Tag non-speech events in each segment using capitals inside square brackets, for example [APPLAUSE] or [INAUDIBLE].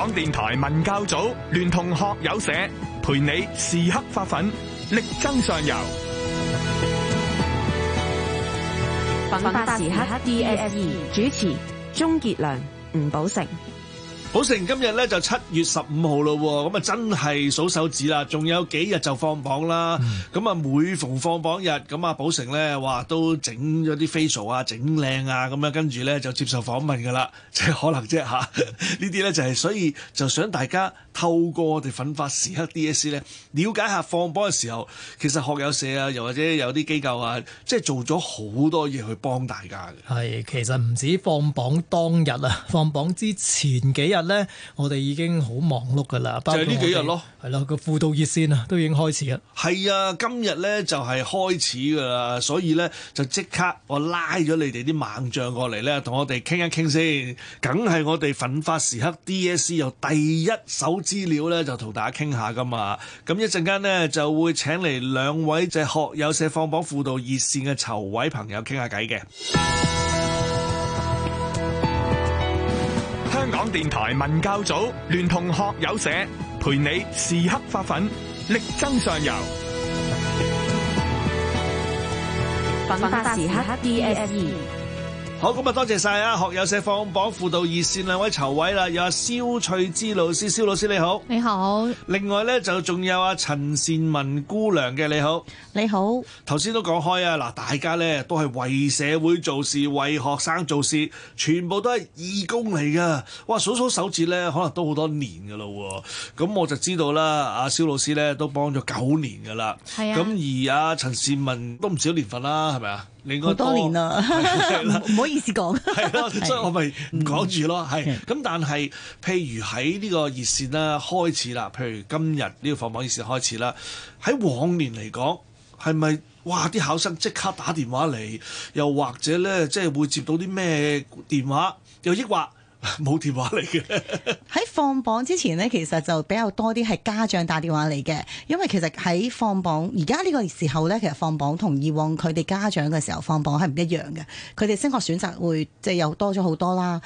港電台文教組聯同學友社，陪你時刻發奮，力爭上游。奮發時刻 D 寶成今日咧就七月十五號咯，咁啊真係數手指啦，仲有幾日就放榜啦。咁啊、嗯、每逢放榜日，咁啊寶成咧，哇都整咗啲 facial 啊，整靚啊，咁樣跟住咧就接受訪問噶啦，即、就、係、是、可能即啫吓。啊、呢啲咧就係、是、所以就想大家。透過我哋奮發時刻 DSC 咧，了解下放榜嘅時候，其實學友社啊，又或者有啲機構啊，即係做咗好多嘢去幫大家嘅。係，其實唔止放榜當日啊，放榜之前幾日咧，我哋已經好忙碌㗎啦。就係呢幾日咯，係咯，個輔導熱線啊，都已經開始啦。係啊，今日咧就係開始㗎啦，所以咧就即刻我拉咗你哋啲猛將過嚟咧，同我哋傾一傾先。梗係我哋奮發時刻 DSC 又第一手。資料咧就同大家傾下㗎嘛，咁一陣間咧就會請嚟兩位隻學友社放榜輔導熱線嘅籌委朋友傾下偈嘅。香港電台文教組聯同學友社，陪你時刻發奮，力爭上游。奮發時刻，DSE。好，咁啊，多謝晒啊！學友社放榜輔導熱線兩位籌委啦，有啊，蕭翠芝老師，蕭老師你好，你好。你好 另外咧，就仲有啊，陳倩雯姑娘嘅你好。你好，頭先都講開啊，嗱，大家咧都係為社會做事，為學生做事，全部都係義工嚟噶。哇，數數手指咧，可能都好多年噶啦。咁我就知道啦，阿蕭老師咧都幫咗九年噶啦。係啊。咁而阿陳倩雯都唔少年份啦，係咪啊？應該好多，多年啦，唔 [LAUGHS] 的 [LAUGHS] 好意思講。係 [LAUGHS] 啦的，的所以我咪唔講住咯。係咁，但係譬如喺呢個熱線啦，開始啦，譬如今日呢個放榜熱線開始啦，喺往年嚟講。係咪哇？啲考生即刻打電話嚟，又或者咧，即係會接到啲咩電話？又抑或冇 [LAUGHS] 電話嚟嘅？喺放榜之前咧，其實就比較多啲係家長打電話嚟嘅，因為其實喺放榜而家呢個時候咧，其實放榜同以往佢哋家長嘅時候放榜係唔一樣嘅，佢哋升學選擇會即係又多咗好多啦。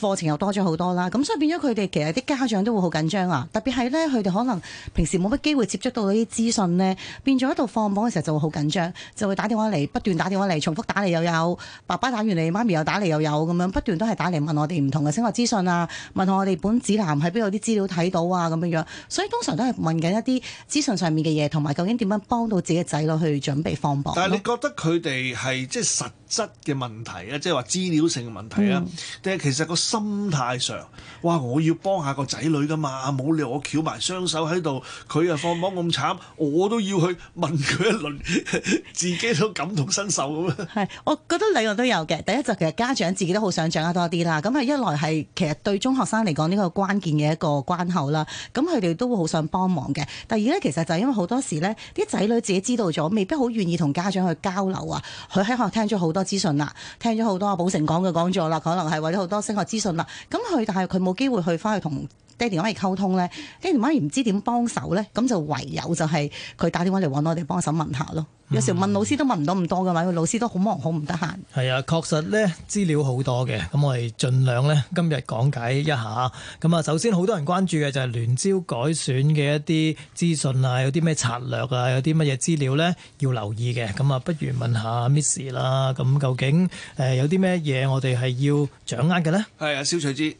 課程又多咗好多啦，咁所以變咗佢哋其實啲家長都會好緊張啊！特別係呢，佢哋可能平時冇乜機會接觸到啲資訊呢，變咗喺度放榜嘅時候就會好緊張，就會打電話嚟，不斷打電話嚟，重複打嚟又有爸爸打完你，媽咪又打嚟又有咁樣，不斷都係打嚟問我哋唔同嘅升學資訊啊，問我哋本指南喺邊度啲資料睇到啊咁樣樣，所以通常都係問緊一啲資訊上面嘅嘢，同埋究竟點樣幫到自己嘅仔女去準備放榜。但係你覺得佢哋係即係實質嘅問題咧，即係話資料性嘅問題啦。但係、嗯、其實個心態上，哇，我要幫下個仔女㗎嘛，冇理由我翹埋雙手喺度，佢又放榜咁慘，我都要去問佢一輪， [LAUGHS] 自己都感同身受咁啊！係，我覺得兩個都有嘅。第一就其實家長自己都好想掌握多啲啦。咁啊，一來係其實對中學生嚟講呢個關鍵嘅一個關口啦。咁佢哋都會好想幫忙嘅。第二咧，其實就係因為好多時咧，啲仔女自己知道咗，未必好願意同家長去交流啊。佢喺學校聽咗好多。資訊啦，聽咗好多阿寶成講嘅講座啦，可能係為咗好多升學資訊啦。咁佢但係佢冇機會去返去同。喺電話溝通咧，跟住反而唔知點幫手咧，咁就唯有就係佢打電話嚟揾我哋幫手問下咯。嗯、有時問老師都問唔到咁多噶嘛，個老師都好忙，好唔得閒。係啊，確實咧資料好多嘅，咁我哋儘量咧今日講解一下。咁啊，首先好多人關注嘅就係聯招改選嘅一啲資訊啊，有啲咩策略啊，有啲乜嘢資料咧要留意嘅。咁啊，不如問下 Miss 啦。咁究竟誒有啲咩嘢我哋係要掌握嘅咧？係啊，蕭翠芝。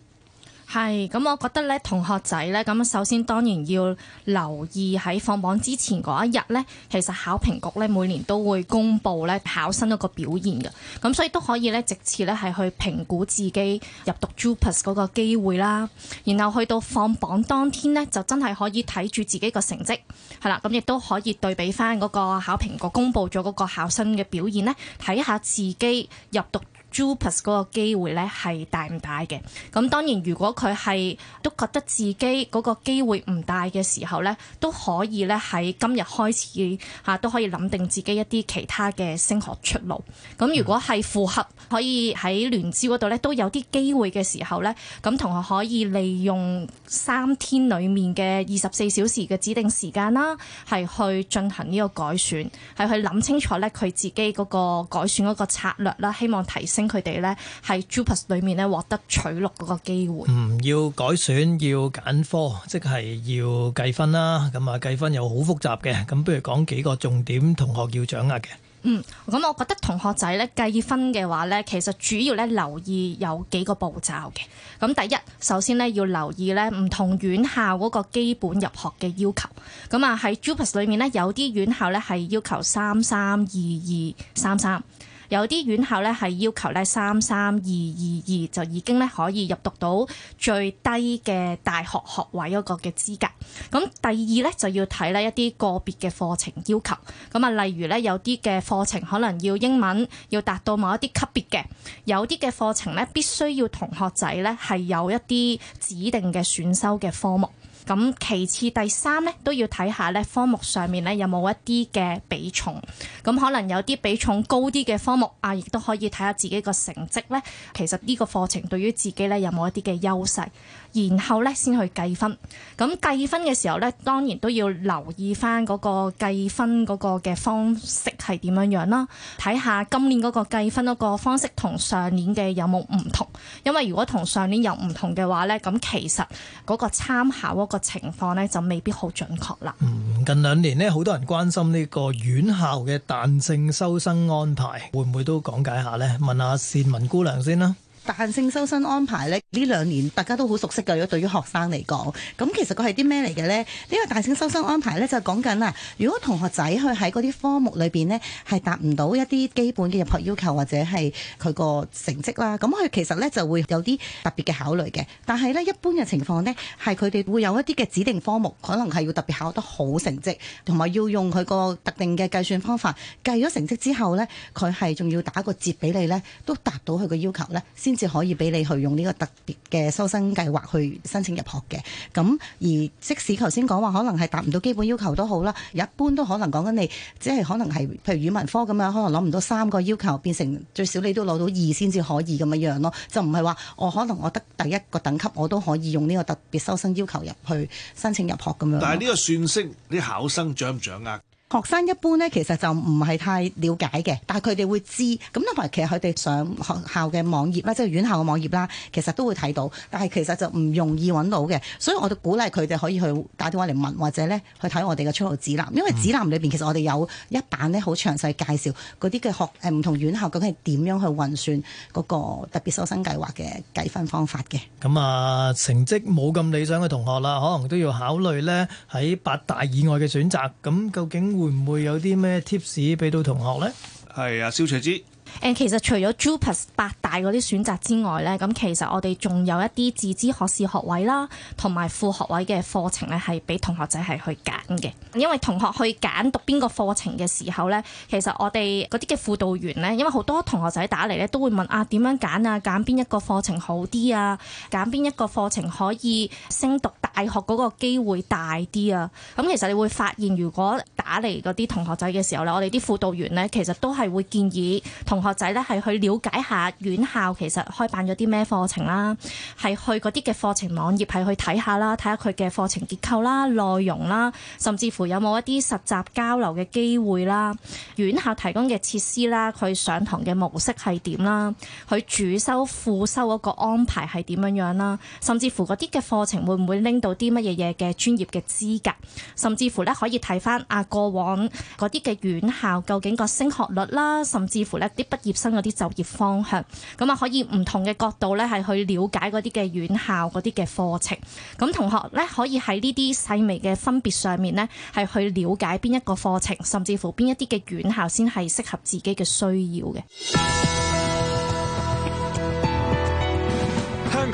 係，咁我覺得咧，同學仔咧，咁首先當然要留意喺放榜之前嗰一日咧，其實考評局咧每年都會公布咧考生嗰個表現㗎，咁所以都可以咧，直接咧係去評估自己入讀 JUPAS 嗰個機會啦。然後去到放榜當天呢，就真係可以睇住自己個成績，係啦，咁亦都可以對比翻嗰個考評局公布咗嗰個考生嘅表現呢，睇下自己入讀。Jupas 嗰個機會咧係大唔大嘅？咁當然，如果佢係都覺得自己嗰個機會唔大嘅時候咧，都可以咧喺今日開始吓、啊、都可以諗定自己一啲其他嘅升學出路。咁、嗯、如果係符合可以喺聯招度咧都有啲機會嘅時候咧，咁同學可以利用三天裏面嘅二十四小時嘅指定時間啦，係去進行呢個改選，係去諗清楚咧佢自己個改選個策略啦，希望提升。佢哋咧喺 JUPAS 裏面咧獲得取錄嗰個機會。嗯，要改選要揀科，即係要計分啦。咁啊，計分又好複雜嘅。咁不如講幾個重點，同學要掌握嘅。嗯，咁我覺得同學仔咧計分嘅話咧，其實主要咧留意有幾個步驟嘅。咁第一，首先咧要留意咧唔同院校嗰個基本入學嘅要求。咁啊喺 JUPAS 裏面咧，有啲院校咧係要求三三二二三三，有啲院校咧係要求咧三三二二二就已經咧可以入讀到最低嘅大學學位嗰個嘅資格。咁第二咧就要睇咧一啲個別嘅課程要求。咁啊，例如咧有啲嘅課程可能要英文要達到某一啲級別嘅，有啲嘅課程咧必須要同學仔咧係有一啲指定嘅選修嘅科目。咁其次第三咧都要睇下咧科目上面咧有冇一啲嘅比重，咁可能有啲比重高啲嘅科目啊，亦都可以睇下自己個成績咧。其實呢個課程對於自己咧有冇一啲嘅優勢。然後咧，先去計分。咁計分嘅時候咧，當然都要留意返嗰個計分嗰個嘅方式係點樣樣啦。睇下今年嗰個計分嗰個方式同上年嘅有冇唔同。因為如果同上年有唔同嘅話咧，咁其實嗰個參考嗰個情況咧就未必好準確啦。嗯，近兩年呢，好多人關心呢個院校嘅彈性收生安排，會唔會都講解下呢？問下倩雯姑娘先啦。彈性收生安排咧，呢兩年大家都好熟悉㗎，如果對於學生嚟講，咁其實佢係啲咩嚟嘅呢？呢、呢個彈性收生安排呢，就講緊啊，如果同學仔佢喺嗰啲科目裏邊呢，係達唔到一啲基本嘅入學要求或者係佢個成績啦，咁佢其實呢，就會有啲特別嘅考慮嘅。但係呢，一般嘅情況呢，係佢哋會有一啲嘅指定科目，可能係要特別考得好成績，同埋要用佢個特定嘅計算方法計咗成績之後呢，佢係仲要打個折俾你呢，都達到佢個要求呢先。先至可以俾你去用呢個特別嘅收生計劃去申請入學嘅。咁而即使頭先講話可能係達唔到基本要求都好啦，一般都可能講緊你，即係可能係譬如語文科咁樣，可能攞唔到三個要求，變成最少你都攞到二先至可以咁樣樣咯，就唔係話我可能我得第一個等級我都可以用呢個特別收生要求入去申請入學咁樣。但係呢個算式，你考生掌唔掌握？學生一般呢，其實就唔係太了解嘅，但係佢哋會知。咁同埋其實佢哋上學校嘅網頁啦，即係院校嘅網頁啦，其實都會睇到。但係其實就唔容易揾到嘅，所以我哋鼓勵佢哋可以去打電話嚟問，或者呢去睇我哋嘅出路指南。因為指南裏邊其實我哋有一版呢好詳細介紹嗰啲嘅學、誒、嗯、唔同院校究竟係點樣去運算嗰個特別收生計劃嘅計分方法嘅。咁啊、呃，成績冇咁理想嘅同學啦，可能都要考慮呢喺八大以外嘅選擇。咁究竟，會唔會有啲咩 tips 俾到同學呢？係啊，蕭翠芝誒，其實除咗 JUPAS 八大嗰啲選擇之外呢，咁其實我哋仲有一啲自資學士學位啦，同埋副學位嘅課程咧，係俾同學仔係去揀嘅。因為同學去揀讀邊個課程嘅時候呢，其實我哋嗰啲嘅輔導員呢，因為好多同學仔打嚟呢，都會問啊點樣揀啊？揀邊一個課程好啲啊？揀邊一個課程可以升讀？大學嗰個機會大啲啊！咁其實你會發現，如果打嚟嗰啲同學仔嘅時候咧，我哋啲輔導員呢，其實都係會建議同學仔呢，係去了解下院校其實開辦咗啲咩課程啦，係去嗰啲嘅課程網頁係去睇下啦，睇下佢嘅課程結構啦、內容啦，甚至乎有冇一啲實習交流嘅機會啦，院校提供嘅設施啦，佢上堂嘅模式係點啦，佢主修副修嗰個安排係點樣樣啦，甚至乎嗰啲嘅課程會唔會拎到啲乜嘢嘢嘅專業嘅資格，甚至乎咧可以睇翻啊過往嗰啲嘅院校究竟個升學率啦，甚至乎咧啲畢業生嗰啲就業方向，咁啊可以唔同嘅角度咧係去了解嗰啲嘅院校嗰啲嘅課程。咁同學咧可以喺呢啲細微嘅分別上面咧係去了解邊一個課程，甚至乎邊一啲嘅院校先係適合自己嘅需要嘅。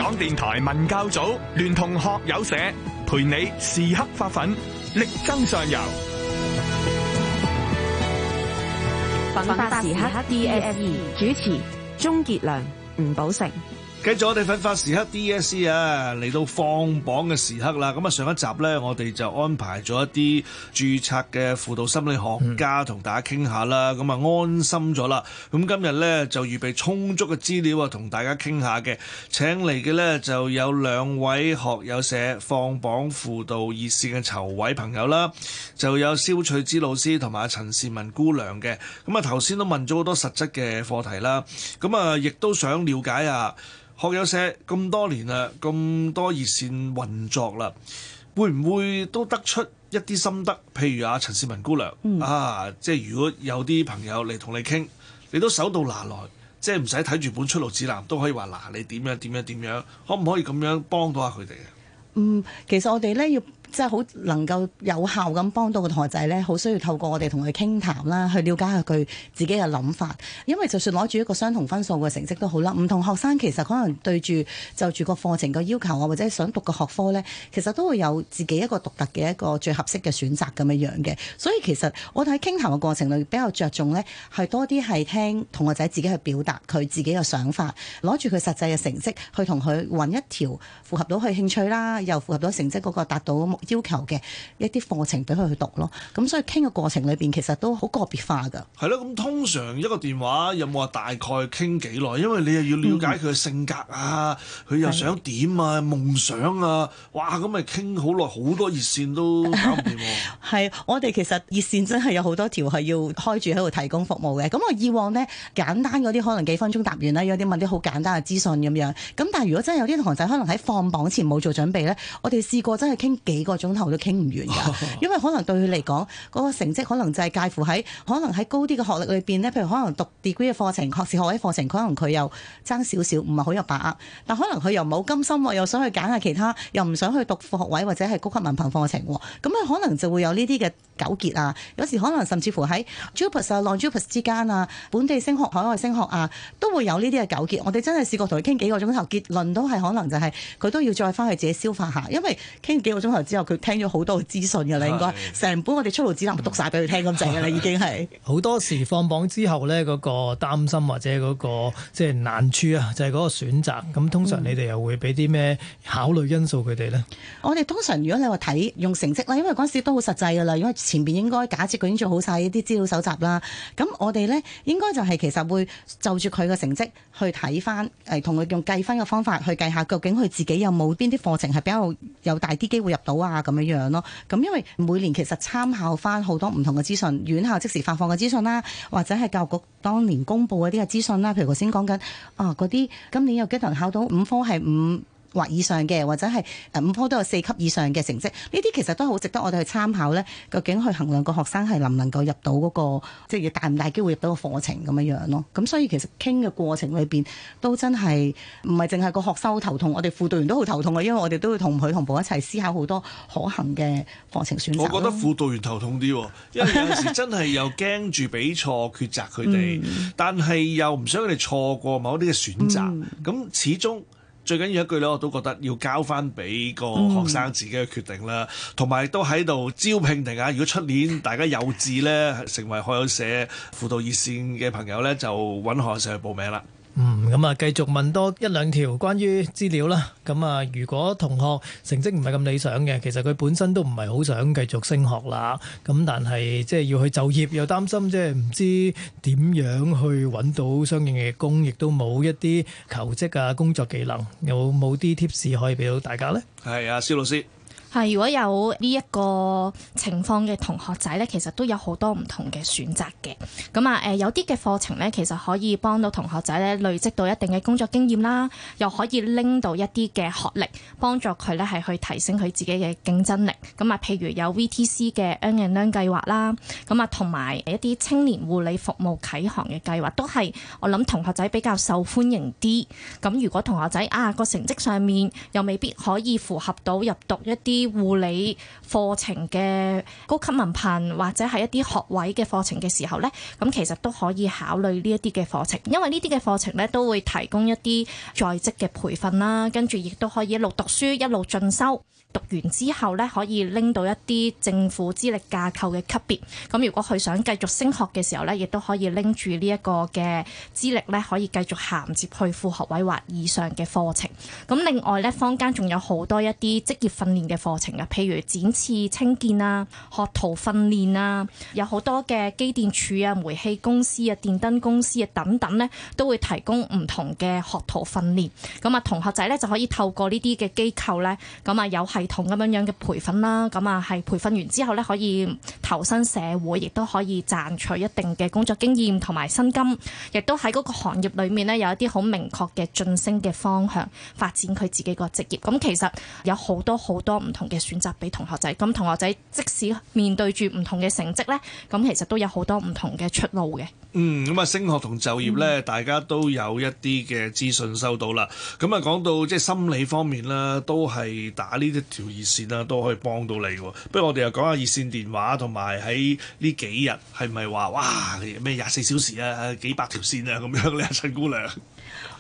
港電台文教組聯同學友社陪你時刻發奮，力爭上游。奮發時刻 DSE 主持：鍾杰良、吳寶成。繼續我哋奮發時刻 D.S.C. 啊，嚟到放榜嘅時刻啦。咁啊，上一集呢，我哋就安排咗一啲註冊嘅輔導心理學家同大家傾下啦。咁啊，安心咗啦。咁今日呢，就預備充足嘅資料啊，同大家傾下嘅。請嚟嘅呢，就有兩位學友社放榜輔導熱線嘅籌委朋友啦，就有蕭翠芝老師同埋阿陳倩雯姑娘嘅。咁啊，頭先都問咗好多實質嘅課題啦。咁啊，亦都想了解啊。學友社咁多年啦，咁多熱線運作啦，會唔會都得出一啲心得？譬如啊，陳倩雯姑娘、嗯、啊，即係如果有啲朋友嚟同你傾，你都手到拿來，即係唔使睇住本出路指南都可以話嗱，你點樣點樣點樣，可唔可以咁樣幫到下佢哋啊？嗯，其實我哋咧要。即係好能夠有效咁幫到個同學仔呢。好需要透過我哋同佢傾談啦，去了解下佢自己嘅諗法。因為就算攞住一個相同分數嘅成績都好啦，唔同學生其實可能對住就住個課程個要求啊，或者想讀個學科呢，其實都會有自己一個獨特嘅一個最合適嘅選擇咁樣樣嘅。所以其實我哋喺傾談嘅過程裏比較着重呢，係多啲係聽同學仔自己去表達佢自己嘅想法，攞住佢實際嘅成績去同佢揾一條符合到佢興趣啦，又符合到成績嗰個達到要求嘅一啲課程俾佢去讀咯，咁所以傾嘅過程裏邊其實都好個別化㗎。係咯，咁通常一個電話有冇話大概傾幾耐？因為你又要了解佢嘅性格啊，佢又想點啊，夢想啊，哇！咁咪傾好耐，好多熱線都搞掂。係，我哋其實熱線真係有好多條係要開住喺度提供服務嘅。咁我以往呢，簡單嗰啲可能幾分鐘答完啦，有啲問啲好簡單嘅資訊咁樣。咁但係如果真係有啲同學仔可能喺放榜前冇做準備咧，我哋試過真係傾幾個鐘頭都傾唔完噶，因為可能對佢嚟講，嗰、那個成績可能就係介乎喺可能喺高啲嘅學歷裏邊咧，譬如可能讀 degree 嘅課程、學士學位課程，可能佢又爭少少，唔係好有把握。但可能佢又冇甘心，又想去揀下其他，又唔想去讀副學位或者係高級文憑課程，咁佢可能就會有呢啲嘅。糾結啊！有時可能甚至乎喺 JUPAS 啊、Non-JUPAS 之間啊、本地升學、海外升學啊，都會有呢啲嘅糾結。我哋真係試過同佢傾幾個鐘頭，結論都係可能就係佢都要再返去自己消化下，因為傾幾個鐘頭之後，佢聽咗好多資訊㗎啦。應該成的本我哋出路指南讀晒俾佢聽咁滯㗎啦，的已經係好多時放榜之後呢，嗰、那個擔心或者嗰、那個即係、就是、難處啊，就係、是、嗰個選擇。咁通常你哋又會俾啲咩考慮因素佢哋呢？嗯、我哋通常如果你話睇用成績咧，因為嗰陣時都好實際㗎啦，因為前面應該假設佢已經做好晒一啲資料搜集啦，咁我哋呢應該就係其實會就住佢嘅成績去睇翻，誒同佢用計分嘅方法去計下，究竟佢自己有冇邊啲課程係比較有大啲機會入到啊咁樣樣咯。咁因為每年其實參考翻好多唔同嘅資訊，院校即時發放嘅資訊啦，或者係教育局當年公佈嗰啲嘅資訊啦，譬如頭先講緊啊嗰啲今年有幾多人考到五科係五或以上嘅，或者係誒五科都有四級以上嘅成績，呢啲其實都好值得我哋去參考呢。究竟去衡量個學生係能唔能夠入到嗰、嗰個，即係大唔大機會入到個課程咁樣樣咯。咁、嗯、所以其實傾嘅過程裏邊都真係唔係淨係個學生好頭痛，我哋輔導員都好頭痛啊，因為我哋都會同佢同步一齊思考好多可行嘅課程選擇。我覺得輔導員頭痛啲，因為有時真係又驚住俾錯抉擇佢哋， [LAUGHS] 嗯、但係又唔想佢哋錯過某啲嘅選擇。咁、嗯、始終。最緊要一句咧，我都覺得要交翻俾個學生自己嘅決定啦。同埋都喺度招聘定下，如果出年大家有志咧 [LAUGHS] 成為學友社輔導熱線嘅朋友咧，就揾學友社去報名啦。嗯，咁啊，繼續問多一兩條關於資料啦。咁、嗯、啊，如果同學成績唔係咁理想嘅，其實佢本身都唔係好想繼續升學啦。咁但係即係要去就業又擔心，又擔心即係唔知點樣去搵到相應嘅工，亦都冇一啲求職啊、工作技能。有冇啲 tips 可以俾到大家呢？係啊，蕭老師。係，如果有呢一個情況嘅同學仔咧，其實都有好多唔同嘅選擇嘅。咁啊，誒、呃、有啲嘅課程咧，其實可以幫到同學仔咧累積到一定嘅工作經驗啦，又可以拎到一啲嘅學歷，幫助佢咧係去提升佢自己嘅競爭力。咁啊，譬如有 VTC 嘅 Earn and Learn 計劃啦，咁啊同埋一啲青年護理服務啟航嘅計劃，都係我諗同學仔比較受歡迎啲。咁如果同學仔啊個成績上面又未必可以符合到入讀一啲啲護理課程嘅高級文憑或者係一啲學位嘅課程嘅時候呢，咁其實都可以考慮呢一啲嘅課程，因為呢啲嘅課程呢都會提供一啲在職嘅培訓啦，跟住亦都可以一路讀書一路進修。讀完之後咧，可以拎到一啲政府資歷架構嘅級別。咁如果佢想繼續升學嘅時候，呢亦都可以拎住呢一個嘅資歷，呢可以繼續銜接去副學位或以上嘅課程。咁另外呢，坊間仲有好多一啲職業訓練嘅課程啊，譬如展翅、清潔啊、學徒訓練啊，有好多嘅機電處啊、煤氣公司啊、電燈公司啊等等呢，都會提供唔同嘅學徒訓練。咁啊，同學仔呢，就可以透過呢啲嘅機構呢，咁啊有係。系統咁樣樣嘅培訓啦，咁啊係培訓完之後咧，可以投身社會，亦都可以賺取一定嘅工作經驗同埋薪金，亦都喺嗰個行業裏面咧，有一啲好明確嘅晉升嘅方向發展佢自己個職業。咁其實有好多好多唔同嘅選擇俾同學仔，咁同學仔即使面對住唔同嘅成績咧，咁其實都有好多唔同嘅出路嘅。嗯，咁啊，升學同就業呢，大家都有一啲嘅資訊收到啦。咁啊，講到即係心理方面啦，都係打呢一條熱線啦、啊，都可以幫到你、啊。不如我哋又講下熱線電話，同埋喺呢幾日係咪話哇咩廿四小時啊，幾百條線啊咁樣呢，陳、啊、姑娘。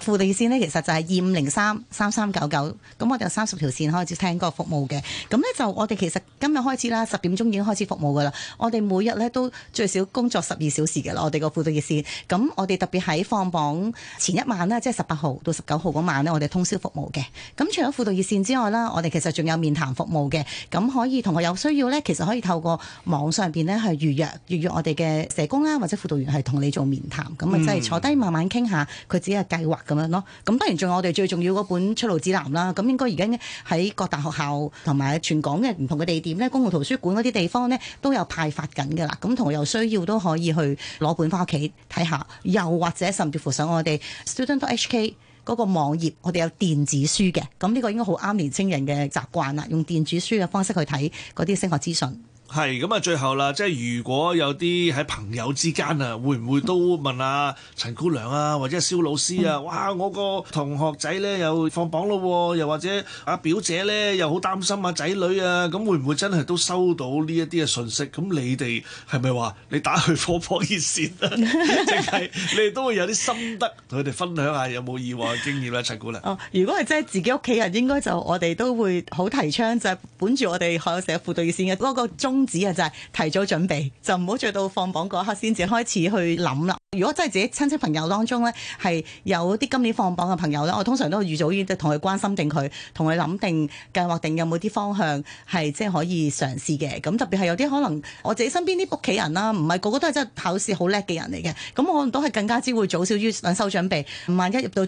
輔導熱線呢，其實就係二五零三三三九九，咁我哋有三十條線開始聽嗰個服務嘅。咁呢，就我哋其實今日開始啦，十點鐘已經開始服務噶啦。我哋每日呢，都最少工作十二小時嘅啦，我哋個輔導熱線，咁我哋特別喺放榜前一晚呢，即係十八號到十九號嗰晚呢，我哋通宵服務嘅。咁除咗輔導熱線之外啦，我哋其實仲有面談服務嘅，咁可以同學有需要呢，其實可以透過網上邊呢去預約，預約我哋嘅社工啦或者輔導員係同你做面談，咁啊即係坐低慢慢傾下佢自己嘅計劃。嗯。咁樣咯，咁當然仲有我哋最重要嗰本出路指南啦。咁應該而家喺各大學校同埋全港嘅唔同嘅地點咧，公共圖書館嗰啲地方咧都有派發緊㗎啦。咁同學有需要都可以去攞本返屋企睇下，又或者甚至乎上我哋 Student HK 嗰個網頁，我哋有電子書嘅。咁、這、呢個應該好啱年青人嘅習慣啦，用電子書嘅方式去睇嗰啲升學資訊。係咁啊，最後啦，即係如果有啲喺朋友之間啊，會唔會都問啊陳姑娘啊，或者蕭老師啊？哇，我個同學仔咧又放榜咯、啊，又或者阿、啊、表姐咧又好擔心阿、啊、仔女啊，咁會唔會真係都收到呢一啲嘅訊息？咁你哋係咪話你打去科科熱線啊？淨係 [LAUGHS] [LAUGHS] 你哋都會有啲心得同佢哋分享下，有冇意外嘅經驗咧？陳姑娘哦，如果係真係自己屋企人，應該就我哋都會好提倡就係本住我哋學友社輔導熱線嘅嗰、那個、中。止啊！公子就係提早準備，就唔好在到放榜嗰刻先至開始去諗啦。如果真係自己親戚朋友當中呢，係有啲今年放榜嘅朋友呢，我通常都預早於即同佢關心定佢，同佢諗定計劃定有冇啲方向係即係可以嘗試嘅。咁特別係有啲可能我自己身邊啲屋企人啦，唔係個個都係真係考試好叻嘅人嚟嘅，咁我哋都係更加之會早少於兩收準備。萬一入到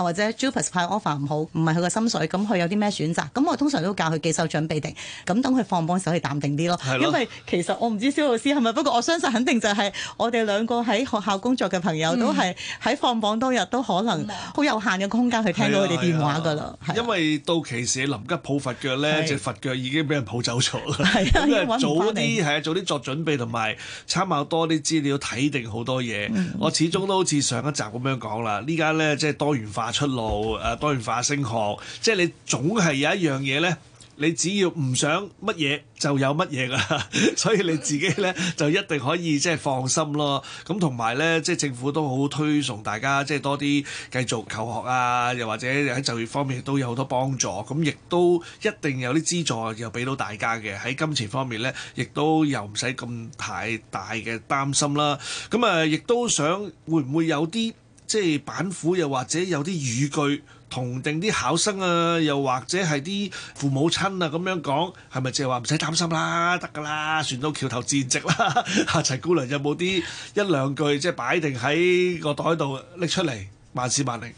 或者 Jupas 派 offer 唔好，唔係佢嘅心水，咁佢有啲咩選擇？咁我通常都教佢幾手準備定，咁等佢放榜嗰時佢淡定啲咯。是的 因為其實我唔知蕭老師係咪，不過我相信肯定就係我哋兩個喺學校工作嘅朋友都係喺放榜當日都可能好有限嘅空間去聽到佢哋電話㗎啦。因為到期時臨急抱佛腳咧，隻是的 佛腳已經俾人抱走咗啦。咁啊早啲係啊，早啲作準備同埋參考多啲資料睇定好多嘢。嗯、我始終都好似上一集咁樣講啦，呢家咧即係多元化。化出路，誒多元化升學，即係你總係有一樣嘢呢。你只要唔想乜嘢，就有乜嘢噶。所以你自己呢，就一定可以即係放心咯。咁同埋呢，即係政府都好推崇大家，即係多啲繼續求學啊，又或者喺就業方面都有好多幫助。咁亦都一定有啲資助又俾到大家嘅。喺金錢方面呢，亦都又唔使咁太大嘅擔心啦。咁啊，亦都想會唔會有啲？即係板斧，又或者有啲語句同定啲考生啊，又或者係啲父母親啊咁樣講，係咪淨係話唔使擔心啦，得㗎啦，船到橋頭自然直啦？ [LAUGHS] 陳姑娘有冇啲一兩句即係擺定喺個袋度拎出嚟，萬事萬靈？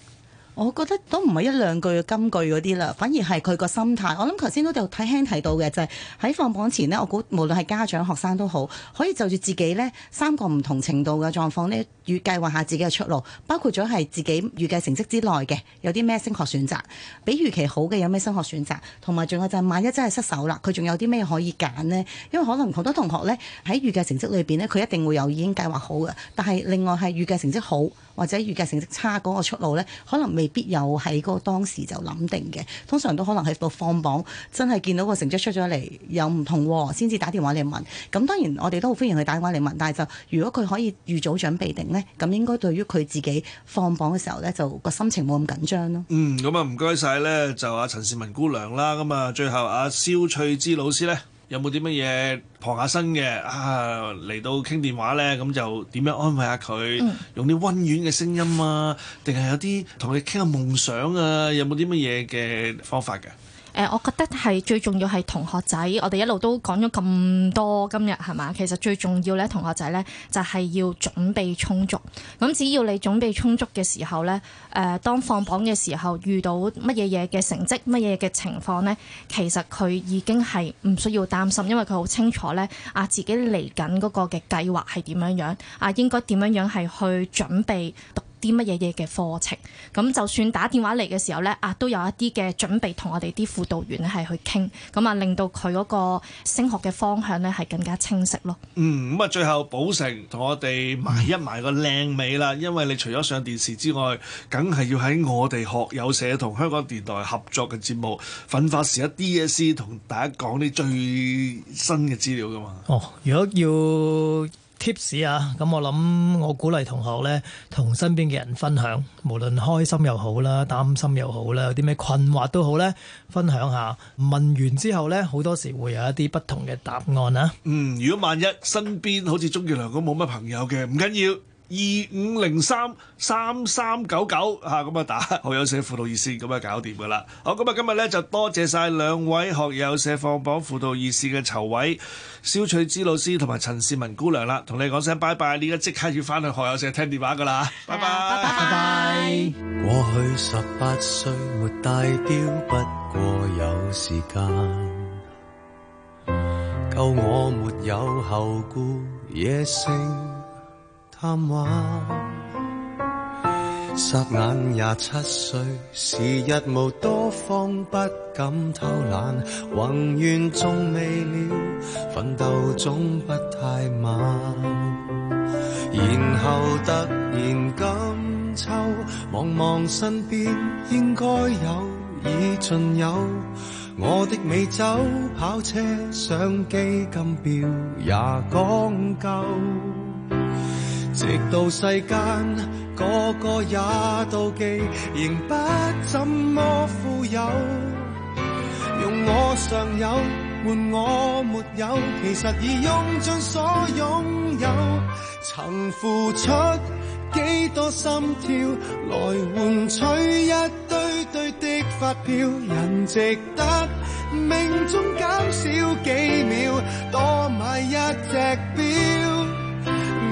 我覺得都唔係一兩句金句嗰啲啦，反而係佢個心態。我諗頭先都有睇輕提到嘅就係喺放榜前呢，我估無論係家長學生都好，可以就住自己呢三個唔同程度嘅狀況呢，預計劃下自己嘅出路，包括咗係自己預計成績之內嘅有啲咩升學選擇，比預期好嘅有咩升學選擇，同埋仲有就係萬一真係失手啦，佢仲有啲咩可以揀呢？因為可能好多同學呢，喺預計成績裏邊呢，佢一定會有已經計劃好嘅，但係另外係預計成績好，或者預計成績差嗰個出路呢，可能未必有喺嗰個當時就諗定嘅。通常都可能喺度放榜，真係見到個成績出咗嚟有唔同，先至打電話嚟問。咁當然我哋都好歡迎佢打電話嚟問，但係就如果佢可以預早準備定呢，咁應該對於佢自己放榜嘅時候呢，就個心情冇咁緊張咯。嗯，咁啊唔該晒呢，就阿陳倩雯姑娘啦。咁啊，最後阿蕭翠芝老師呢。有冇啲乜嘢傍下身嘅啊？嚟到傾電話咧，咁就點樣安慰下佢？用啲溫軟嘅聲音啊，定係有啲同佢傾下夢想啊？有冇啲乜嘢嘅方法嘅？誒、呃，我覺得係最重要係同學仔，我哋一路都講咗咁多今，今日係嘛？其實最重要咧，同學仔咧就係要準備充足。咁只要你準備充足嘅時候咧，誒、呃，當放榜嘅時候遇到乜嘢嘢嘅成績，乜嘢嘅情況咧，其實佢已經係唔需要擔心，因為佢好清楚咧，啊，自己嚟緊嗰個嘅計劃係點樣樣，啊，應該點樣樣係去準備。啲乜嘢嘢嘅課程，咁就算打電話嚟嘅時候呢，啊都有一啲嘅準備同我哋啲輔導員係去傾，咁啊令到佢嗰個升學嘅方向呢係更加清晰咯。嗯，咁啊最後寶成同我哋埋一埋一個靚尾啦，嗯、因為你除咗上電視之外，梗係要喺我哋學友社同香港電台合作嘅節目《奮發時一 D S C》同大家講啲最新嘅資料噶嘛。哦，如果要，tips 啊，咁我諗我鼓勵同學咧，同身邊嘅人分享，無論開心又好啦，擔心又好啦，有啲咩困惑都好咧，分享下。問完之後咧，好多時會有一啲不同嘅答案啊。嗯，如果萬一身邊好似鍾月良咁冇乜朋友嘅，唔緊要。二五零三三三九九吓，咁啊打學友社輔導熱線，咁啊搞掂㗎啦！好，咁啊今日咧就多謝晒兩位學友社放榜輔導熱線嘅籌委蕭翠芝老師同埋陳倩雯姑娘啦，同你講聲拜拜，你而家即刻要翻去學友社聽電話㗎啦！嗯、bye bye 拜拜拜拜拜，過去十八歲沒大彪，不過有時間夠我沒有後顧野性。貪玩，霎眼廿七歲，時日無多方，方不敢偷懶。宏願縱未了，奮鬥總不太晚。然後突然今秋，望望身邊應該有已盡有。我的美酒跑車相機金表，也講究。直到世間個個也妒忌，仍不怎麼富有。用我尚有換我沒有，其實已用盡所擁有。曾付出幾多心跳，來換取一堆堆的發票。人值得命中減少幾秒，多買一隻表。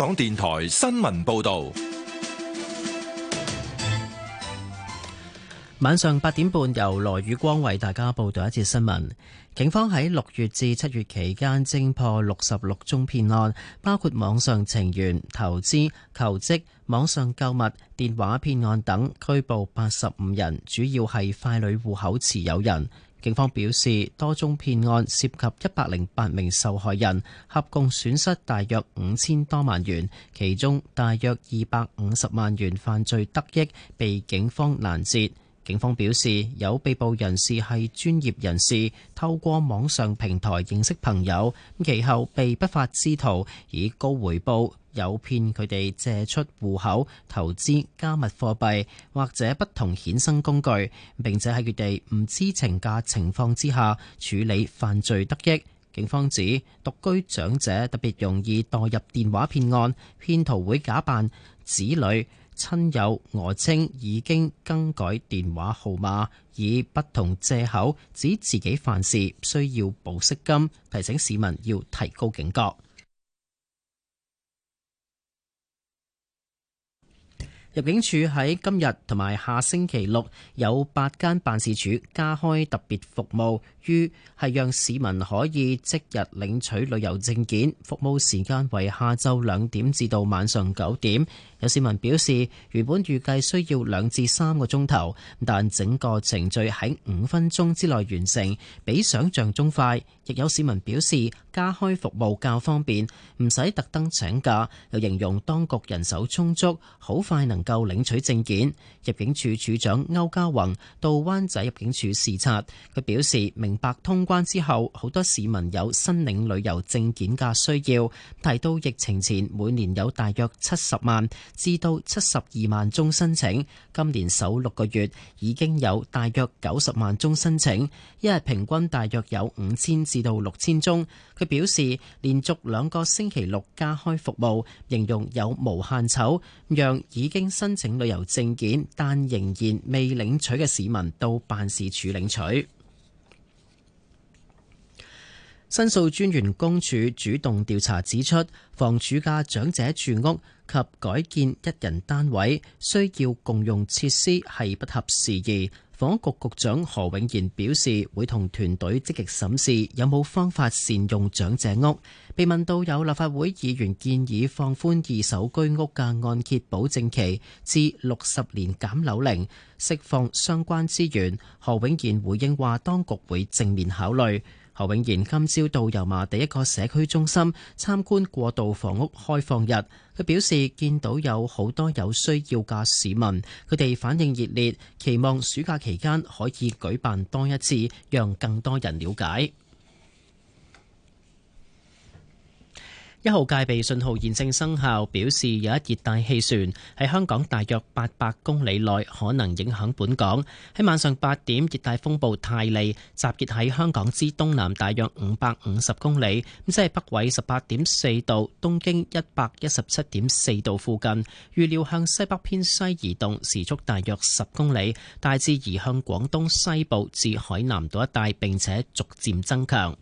港電台新聞報道，晚上八點半由羅宇光為大家報道一節新聞。警方喺六月至七月期間偵破六十六宗騙案，包括網上情緣、投資、求職、網上購物、電話騙案等，拘捕八十五人，主要係快女戶口持有人。警方表示，多宗騙案涉及一百零八名受害人，合共損失大約五千多萬元，其中大約二百五十萬元犯罪得益被警方攔截。警方表示，有被捕人士係專業人士，透過網上平台認識朋友，其後被不法之徒以高回報。誘騙佢哋借出戶口投資加密貨幣或者不同衍生工具，並且喺佢哋唔知情嘅情況之下處理犯罪得益。警方指獨居長者特別容易墮入電話騙案，騙徒會假扮子女親友外甥，訛稱已經更改電話號碼，以不同藉口指自己犯事需要保釋金，提醒市民要提高警覺。入境處喺今日同埋下星期六有八間辦事處加開特別服務，於係讓市民可以即日領取旅遊證件。服務時間為下晝兩點至到晚上九點。有市民表示，原本預計需要兩至三個鐘頭，但整個程序喺五分鐘之內完成，比想像中快。亦有市民表示加開服務較方便，唔使特登請假。又形容當局人手充足，好快能夠領取證件。入境處處長歐家宏到灣仔入境處視察，佢表示明白通關之後，好多市民有申領旅遊證件嘅需要。提到疫情前每年有大約七十萬至到七十二萬宗申請，今年首六個月已經有大約九十萬宗申請，一日平均大約有五千至到六千宗，佢表示連續兩個星期六加開服務，形容有無限籌，讓已經申請旅遊證件但仍然未領取嘅市民到辦事處領取。申訴專員公署主動調查指出，房署家長者住屋及改建一人單位，需要共用設施係不合時宜。房局局長何永賢表示，會同團隊積極審視有冇方法善用長者屋。被問到有立法會議員建議放寬二手居屋嘅按揭保證期至六十年減樓齡，釋放相關資源，何永賢回應話，當局會正面考慮。何永賢今朝到油麻地一個社區中心參觀過渡房屋開放日，佢表示見到有好多有需要嘅市民，佢哋反應熱烈，期望暑假期間可以舉辦多一次，讓更多人了解。一號戒備信號現正生效，表示有一熱帶氣旋喺香港大約八百公里內可能影響本港。喺晚上八點，熱帶風暴泰利集結喺香港之東南大約五百五十公里，咁即係北緯十八點四度、東經一百一十七點四度附近。預料向西北偏西移動，時速大約十公里，大致移向廣東西部至海南島一帶，並且逐漸增強。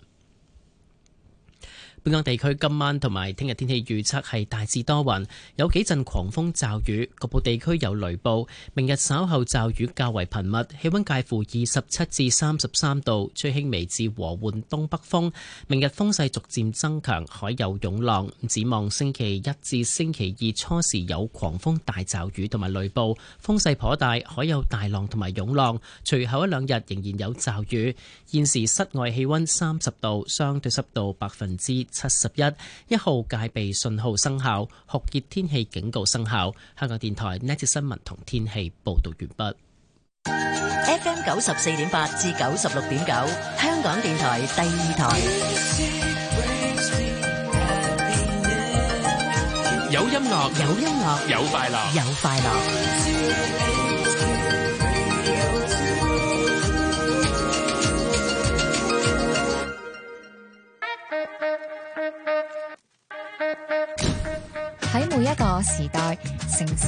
本港地區今晚同埋聽日天氣預測係大致多雲，有幾陣狂風驟雨，局部地區有雷暴。明日稍後驟雨較為頻密，氣溫介乎二十七至三十三度，吹輕微至和緩東北風。明日風勢逐漸增強，海有湧浪。展望星期一至星期二初時有狂風大驟雨同埋雷暴，風勢頗大，海有大浪同埋湧浪。隨後一兩日仍然有驟雨。現時室外氣溫三十度，相對濕度百分之。七十一一號戒備信號生效，酷熱天氣警告生效。香港電台 Next 新聞同天氣報道完畢。FM 九十四點八至九十六點九，香港電台第二台。有音樂，有音樂，有快樂，有快樂。喺每一個時代，